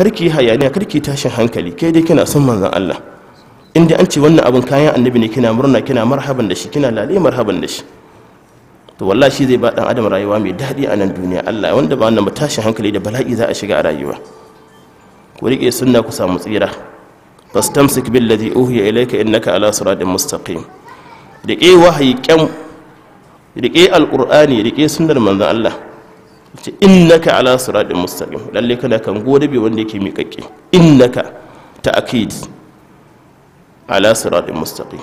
karki hayaniya karki tashin hankali kai dai kina son manzon Allah inda an ce wannan abin kayan annabi ne kina murna kina marhaban da shi kina lale marhaban da shi to wallahi shi zai ba dan adam rayuwa mai daɗi a nan duniya Allah wanda ba wannan tashin hankali da bala'i za a shiga a rayuwa ku rike sunna ku samu tsira fastamsik billadhi uhiya ilayka innaka ala siratin mustaqim rike wahayi kyam rike alqur'ani rike sunnar manzon Allah ce innaka ala suraɗin mustaqim lalle kana kan gode bi wanda yake miƙaƙƙe innaka ta'kid ala suraɗin mustaqim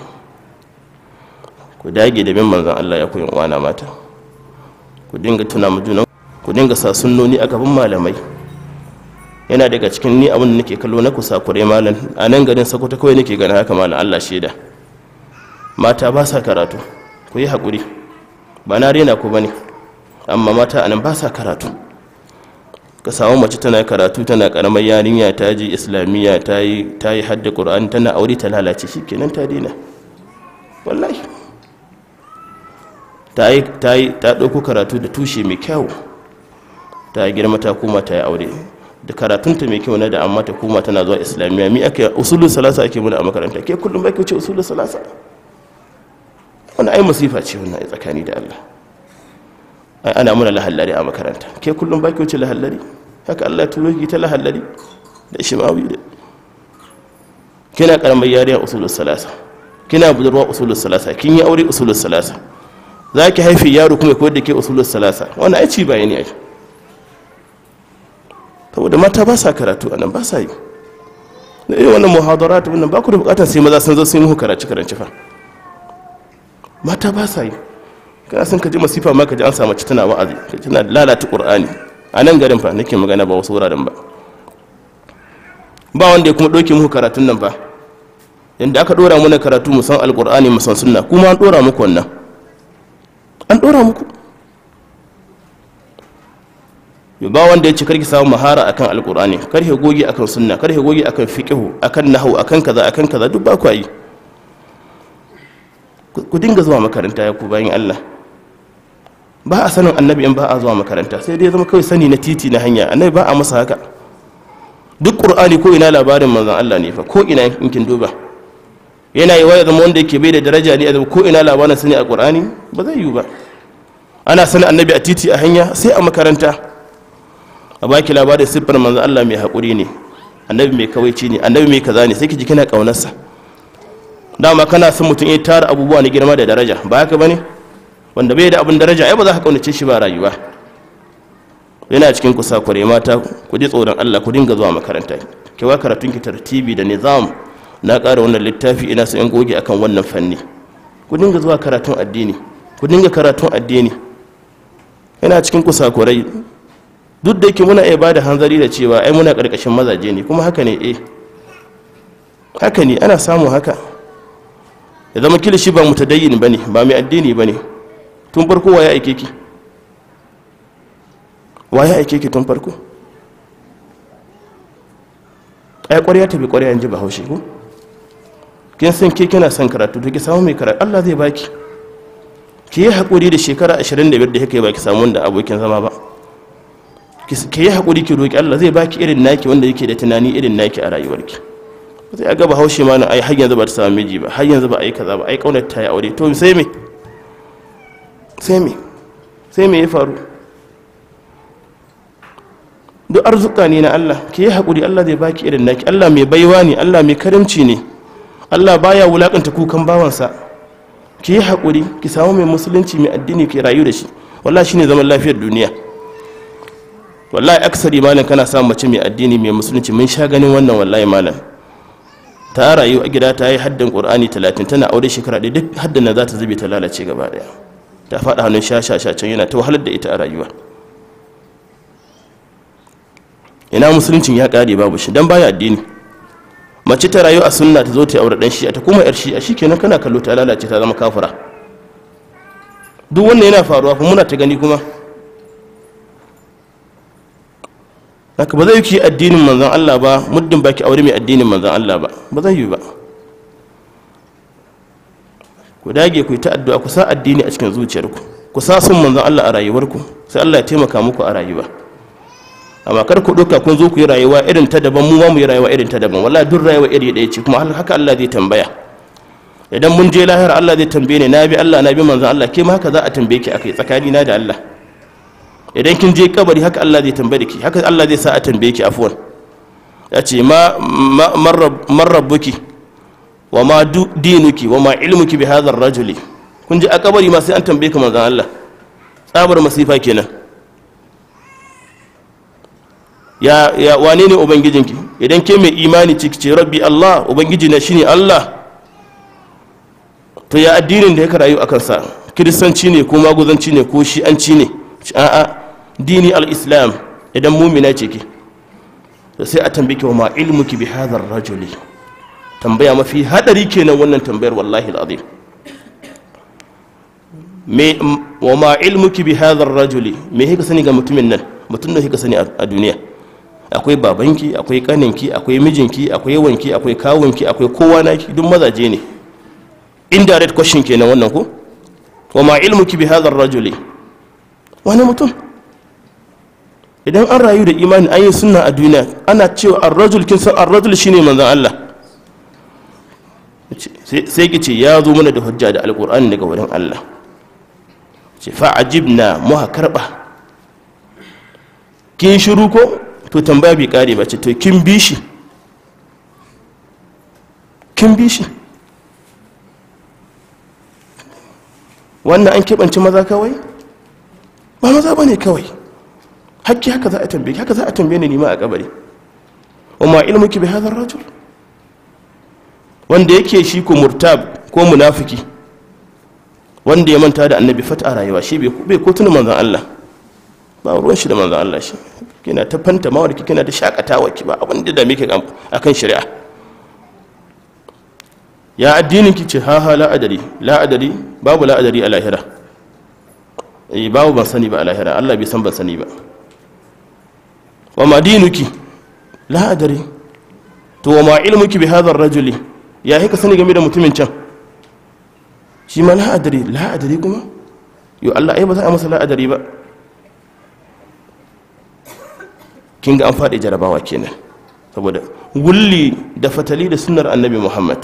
ku dage da bin manzon Allah ya koyin wana mata ku dinga tuna mu juna ku dinga sa sunnoni a gaban malamai yana daga cikin ni abin da nake kallo na kusa kure malam a nan garin sakwata kawai nake ganin haka malam Allah shaida mata ba sa karatu ku yi haƙuri ba na rena ku bane amma mata anan ba sa karatu ka samu mace tana karatu tana karamar yarinya ta ji islamiyya ta yi ta yi hadda qur'an tana aure ta lalace kenan ta dina wallahi ta yi ta yi ta dauko karatu da tushe mai kyau ta girma ta koma ta yi aure da karatun ta mai kyau na da amma ta koma tana zuwa islamiyya mi ake usulun salasa ake muna a makaranta ke kullum ba ke wuce usulun salasa wani ai masifa ce wannan tsakani da allah ana muna lahallari a makaranta ke kullum baki wuce lahallari haka allah ya turo ki ta lahallari da shimawi da kina karamar yariya usulul salasa kina budurwa usulul salasa kin yi aure usulul salasa za ki haifi yaro kuma ko da ke usulul salasa wannan aici ba ne to saboda mata ba sa karatu anan ba sa yi da irin wannan muhadarat wannan ba ku da bukatar sai maza sun zo sun yi muku karatu karance fa mata ba sa yi ka san ka ji masifa ma ka ji an samu ci tana wa'azi ka tana lalata qur'ani a nan garin fa nake magana ba wasu wuraren ba ba wanda ya kuma ɗauke muku karatun nan ba yanda aka ɗora mana karatu mu san alqur'ani mu san sunna kuma an ɗora muku wannan an ɗora muku yau ba wanda ya ce karki samu mahara akan alqur'ani karhe goge akan sunna karhe goge akan fiqhu akan nahwu akan kaza akan kaza duk ba ku yi ku dinga zuwa makaranta ya ku bayan Allah ba a sanin annabi in ba a zuwa makaranta sai dai zama kawai sani na titi na hanya annabi ba a masa haka duk qur'ani ko ina labarin manzon Allah ne fa ko ina in kin duba yana yi waya zama wanda yake bai da daraja ne a ko ina labarin sani a qur'ani ba zai yiwu ba ana sanin annabi a titi a hanya sai a makaranta a baki labarin siffar manzon Allah mai haƙuri ne annabi mai kawaici ne annabi mai kaza ne sai ki ji kina kaunarsa dama kana son mutum ya tara abubuwa na girma da daraja ba haka bane wanda bai da abin daraja ai ba za ka kaunace shi ba rayuwa yana cikin kusa kware mata ku ji tsoron Allah ku dinga zuwa makaranta ki wa karatun ki tartibi da nizam na ƙara wannan littafi ina so in goge akan wannan fanni ku dinga zuwa karatun addini ku dinga karatun addini yana cikin kusa kwarai duk da yake muna iya da hanzari da cewa ai muna karkashin mazaje ne kuma haka ne eh haka ne ana samu haka ya zama kilishi ba mutadayyin ne ba mai addini ba ne. tun farko wa ya aike ki wa ya aike ki tun farko ai ƙwarya ta bi ƙwarya inji bahaushe ko kin san ke kina san karatu to ki samu mai karatu Allah zai baki ki yi haƙuri da shekara 25 da kika baki samu wanda abokin zama ba ki yi haƙuri ki roki Allah zai baki irin naki wanda yake da tunani irin naki a rayuwarki sai a gaba haushe ma na ai har yanzu ba ta samu miji ba har yanzu ba a yi kaza ba ai kaunar ta yi aure to sai me sai me sai me ya faru duk arzuka ne na Allah ke yi haƙuri Allah zai baki irin naki Allah mai baiwa ne Allah mai karimci ne Allah baya wulakanta kukan bawansa ki yi haƙuri ki samu mai musulunci mai addini ke rayu da shi wallahi shine zaman lafiyar duniya wallahi aksari malam kana samun mace mai addini mai musulunci mun sha ganin wannan wallahi malam ta rayu a gida ta yi haddan qur'ani 30 tana aure shekara ɗaya duk haddana na za ta zube ta lalace gaba daya. ta faɗa hannun shashashacen yana ta wahalar da ita a rayuwa ina musuluncin ya ƙare babu shi don baya addini mace ta rayu a sunna ta zo ta aure ɗan shi'a ta kuma yar shi'a shi kenan kana kallo ta lalace ta zama kafura duk wannan yana faruwa fa muna ta gani kuma haka ba zai yi addinin manzan Allah ba muddin baki aure mai addinin manzan Allah ba ba zai yi ba ku dage ku yi ta addu'a ku sa addini a cikin zuciyarku ku sa son manzon Allah a rayuwarku sai Allah ya taimaka muku a rayuwa amma kar ku duka kun zo ku yi rayuwa irin ta daban mu ma mu yi rayuwa irin ta daban wallahi duk rayuwa iri ɗaya ce kuma haka Allah zai tambaya idan mun je lahira Allah zai tambaye ni na bi Allah na bi manzon Allah ke ma haka za a tambaye ki akai tsakani na da Allah idan kin je kabari haka Allah zai tambaye ki haka Allah zai sa a tambaye ki afwan ya ce ma man rabbuki wa ma dinuki wa ma ilmuki bi hadha rajuli kun ji a kabari ma sai an tambaye ka manzon Allah tsabar masifa kenan ya ya wane ne ubangijinki idan ke mai imani ciki ce rabbi Allah ubangiji na shine Allah to ya addinin da yake rayu akan sa kiristanci ne ko maguzanci ne ko shi'anci ne a'a dini al-islam idan mumina ce ki sai a tambaye ki wa ma ilmuki bi hadha rajuli tambaya mafi hadari kenan wannan tambayar wallahi alazim me wa ma ilmuki bi hadha ar-rajuli me hika sani ga mutumin nan mutum da hika sani a duniya akwai babanki akwai kaninki akwai mijinki akwai yawanki akwai kawunki akwai kowa naki duk mazaje ne indirect question kenan wannan ko wa ma ilmuki bi hadha ar-rajuli wani mutum idan an rayu da imani an yi sunna a duniya ana cewa ar-rajul kin san ar-rajul shine manzon Allah sai ki ce ya zo mana da hujja da alkur'an daga wurin allah ce fa'ajibna na muha karba kin shiru ko to tambaya bai kare ba ce to kin bi shi kin bi shi wannan an keɓance maza kawai ba maza ba ne kawai hakki haka za a tambaye haka za a tambaye ni ma a kabari umma ilmuki bi hadha rajul wanda yake shi ko murtab ko munafiki wanda ya manta da annabi fata a rayuwa shi bai ko tuna manzan Allah ba ruwan shi da manzan Allah shi kina ta fanta mawar ki kina ta shakatawa ki ba abin da dame ki kan shari'a ya addinin ki ce haha la'adari la'adari babu la'adari a lahira eh babu ban sani ba a lahira Allah bai san ban sani ba wa madinuki la'adari to wa ma ilmuki bi hadha ar-rajuli ya yi ka sani game da mutumin can shi ma la'adari la'adari kuma yau allah ai ba za a masa la'adari ba kin ga an faɗi jarabawa kenan saboda wulli da fatali da sunar annabi muhammad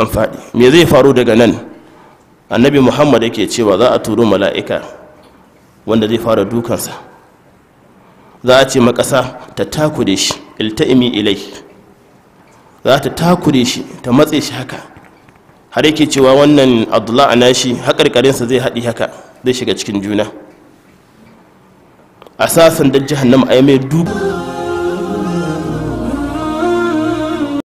an faɗi me zai faru daga nan annabi muhammad yake cewa za a turo mala'ika wanda zai fara dukansa za a ce makasa ta takure shi ilta'imi ilai za ta takure shi ta matse shi haka har yake cewa wannan abdullah a nashi haƙarƙarinsa zai haɗi haka zai shiga cikin juna a sassan da jihannama a yi mai duk